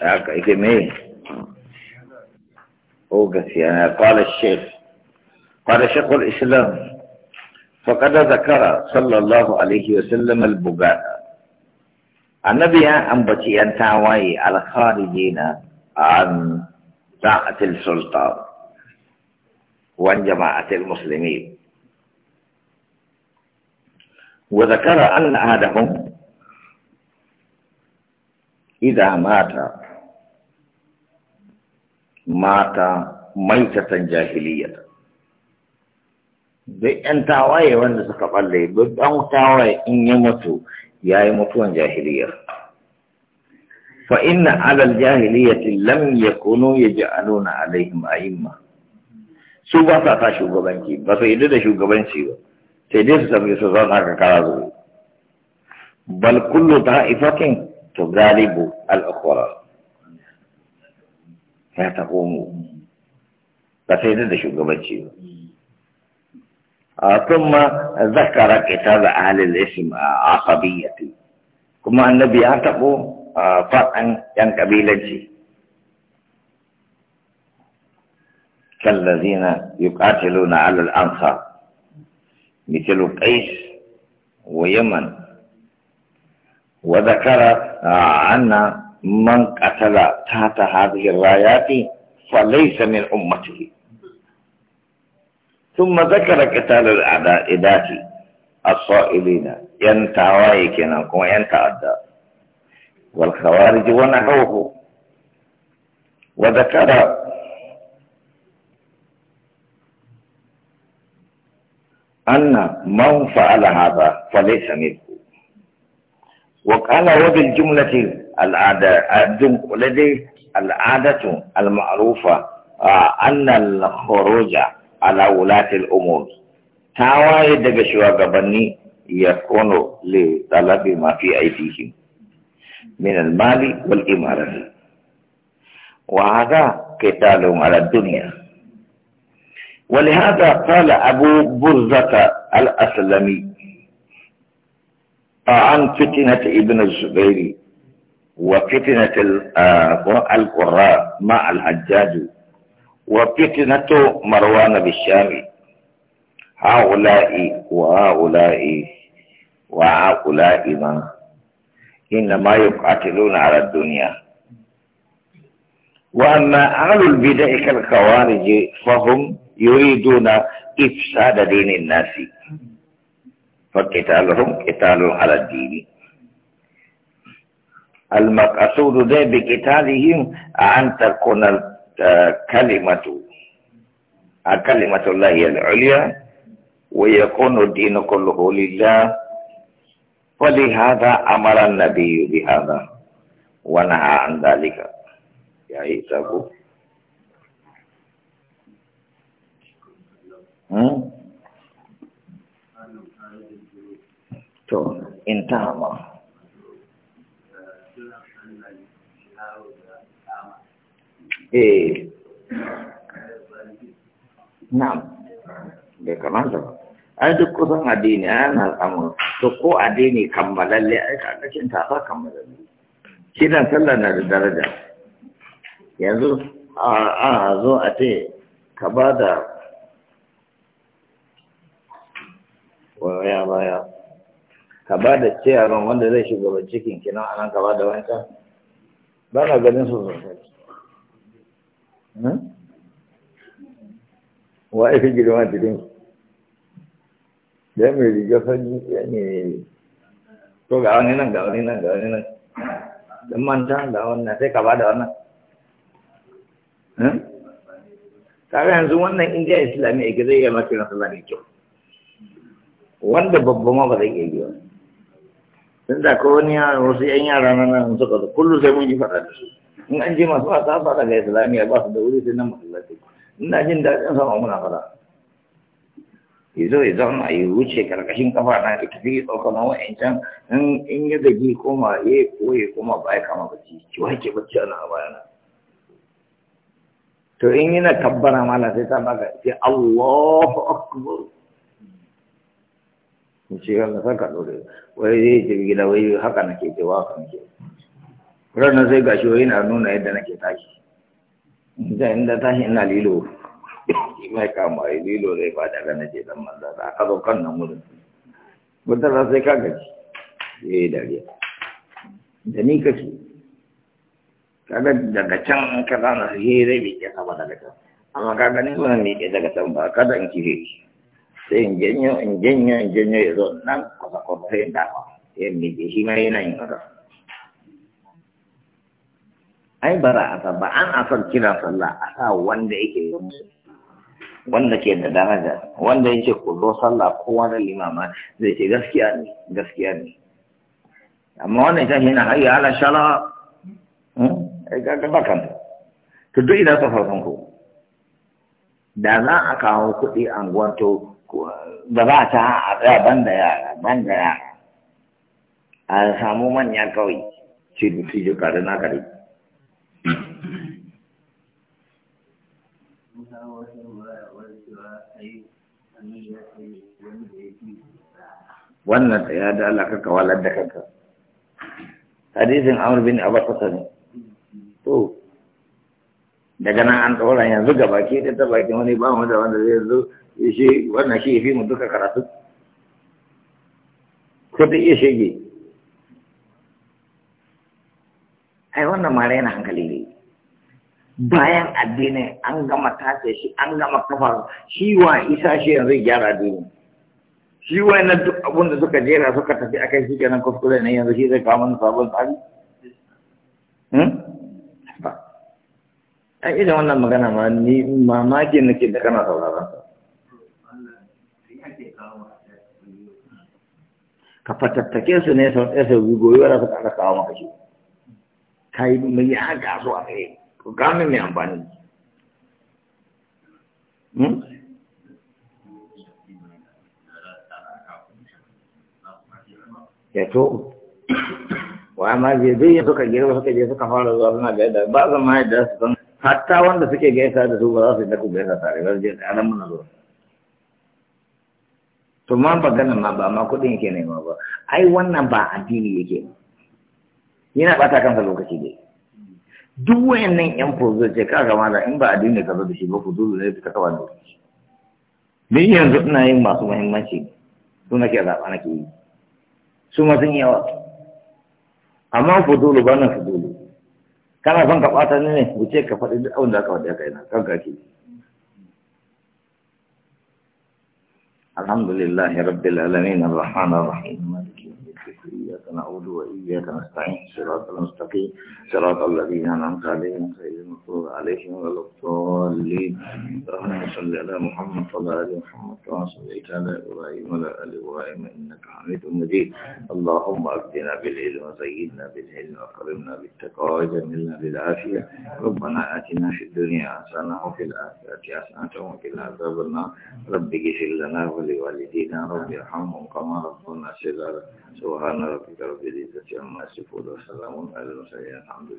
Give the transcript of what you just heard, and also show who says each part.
Speaker 1: haka ike me قال gaskiya na فقد ذكر صلى الله عليه وسلم البغاء النبي أنبتي أن تعوي على خارجين عن طاعة السلطان وعن جماعة المسلمين وذكر أن أحدهم إذا مات mata maitatan jahiliya duk yan tawaye wanda suka balle duk ɗan tawaye in ya mutu ya yi mutuwan jahiliya fa inna alal jahiliyati lam ji yaj'aluna alaihim a'imma su ba sa ta shugabanci ba su yi da shugabanci ba sai dai su sami su zauna ka kara zuwa bal kullu ta'ifatin to galibu ukhra ya taho mu ba sai da da shugabanci ba a ثم ذكر قتال اهل الاسم عصبيه kuma annabi ya taɓo faɗan ‘yan ƙabilanci. Kallazina yi ƙatilo na alal ansa, mitilu ƙais wa yaman, wa zakara anna من قتل تحت هذه الرايات فليس من أمته ثم ذكر قتال الأعداء الصائلين ينتهي كنكم ادا والخوارج ونحوه وذكر أن من فعل هذا فليس منه وقال وبالجملة العادة الدنق لدي العادة المعروفة آه، أن الخروج على ولاة الأمور تاواي دقى قبني يكون لطلب ما في أيديهم من المال والإمارة وهذا قتالهم على الدنيا ولهذا قال أبو برزة الأسلمي عن فتنة ابن الزبيري وفتنة آه، القراء مع الحجاج وفتنة مروان بالشام هؤلاء وهؤلاء وهؤلاء ما إنما يقاتلون على الدنيا وأما أهل البدع كالخوارج فهم يريدون إفساد دين الناس فقتالهم قتال على الدين المقصود ده بقتالهم أن تكون الكلمة كلمة الله العليا ويكون الدين كله لله ولهذا أمر النبي بهذا ونهى عن ذلك يا عيسى أبو انتهى eh na'am bai ah, ah, kamata ba ai duk kusan addini na al'amur to ko addini kammalalle ai ah, cin tafa kammalalle kiran sallah na da daraja yanzu a zo a ce ka ba da waya baya ka ba da ciyaron wanda zai shugaban cikin kinan anan ka ba da wancan ba na ganin su sosai hmm? wa ake girma cikin ya mai riga sanyi ya ne to ga wani nan ga wani nan ga wani nan don manta ga wannan sai ka ba da wannan tare hmm? yanzu wannan indiya islami a gizai ya mace na sallah mai kyau wanda babba ma ba zai iya yi ba tun da ko wasu yan yara na nan suka zo kullum sai mun yi faɗa da su in an je masu wasa faɗa ga islamiyya ba su da wuri sai nan masallaci ina jin daɗin sama muna faɗa izo ya zauna ya wuce karkashin kafa na da tafi ya ɗauka ma wa'ancan in ya gaji koma ya koye koma ba kama bacci ki a bayana to in akbar shi ranar sai ka ɗore wai zai tafi gida wai haka na ke cewa haka nake ranar sai gashi wai na nuna yadda nake tashi da inda tashi ina lilo mai kama yi lilo zai ba daga na ce dan manza da aka zo kan nan wurin wata za sai ka gaji ya yi dariya da ni kake kaga daga can in ka na sai zai bi ke sama daga can amma kaga ni ba ne ke daga can ba kada in kire ki sai in janyo in janyo in janyo ya zo nan kwasa kwasa sai in dafa ya mije shi ma yana yin ai bara a san ba an asar kira sallah a sa wanda yake wanda ke da daraja wanda yake kullo sallah kowa da limama zai ce gaskiya ne gaskiya ne amma wannan ta yana hayya ala shala eh ga ga bakan to duk idan ta farkon ku da za a kawo kuɗi anguwan to Ba ba ta a tsaya ban da yara ban da yara a samu manya kawai ce da su juka da nakari wannan ta ya dala Allah da kanka hadisin amur bin abakasa ne to daga nan an ɗora yanzu ga baki da ta baki wani ba mu da wanda zai zo shi wannan shi fi mu duka karatu ko ta iya shege ai wannan ma raina hankali ne bayan addini an gama tace shi an gama kafa shi wa isa shi yanzu gyara addini shi wa na duk abin da suka jera suka tafi akai shi kenan kuskure ne yanzu shi zai kawo mana sabon tsari a irin wannan magana ma ni mamakin nake da kana sauraron ka fatattake su ne sau ɗaya sau biyu goyi wadda suka ala kawo maka shi ka yi mai ya ga su a kai ku gano mai amfani hmm? ya to wa ma zai zai suka girma suka je suka fara zuwa suna ga yadda ba zama yadda su san hatta wanda suke gaisa da su ba za su yi da gaisa tare ba zai a nan muna zuwa to ma magana ma ba ma kuɗin yake nema ba ai wannan ba addini yake yana bata kansa lokaci dai duk wayannan yan fozo ce ka gama da in ba addini ka zo da shi ba ku dole ne ka kawo lokaci ni yanzu ina yin masu muhimmanci su nake zaɓa nake yi su ma sun yawa amma fudulu ba na fudulu kana son ka ɓata ni ne wuce ka faɗi duk abin da aka faɗi kai na kanka ke Alhamdulillahi rabbil alamin arrahmanir rahim maliki إياك نعود وإياك نستعين صراط المستقيم صراط الذين أنعمت عليهم غير المغضوب عليهم ولا الضالين اللهم صل على محمد وعلى آل محمد كما صليت على إبراهيم وعلى آل إبراهيم إنك حميد مجيد اللهم أبدنا بالعلم وزيدنا بالعلم وأكرمنا بالتقوى وجملنا بالعافية ربنا آتنا في الدنيا حسنة وفي الآخرة حسنة وفي العذاب النار رب اغفر لنا ولوالدينا رب ارحمهم كما ربنا صغارا سبحان Alhamdulillah.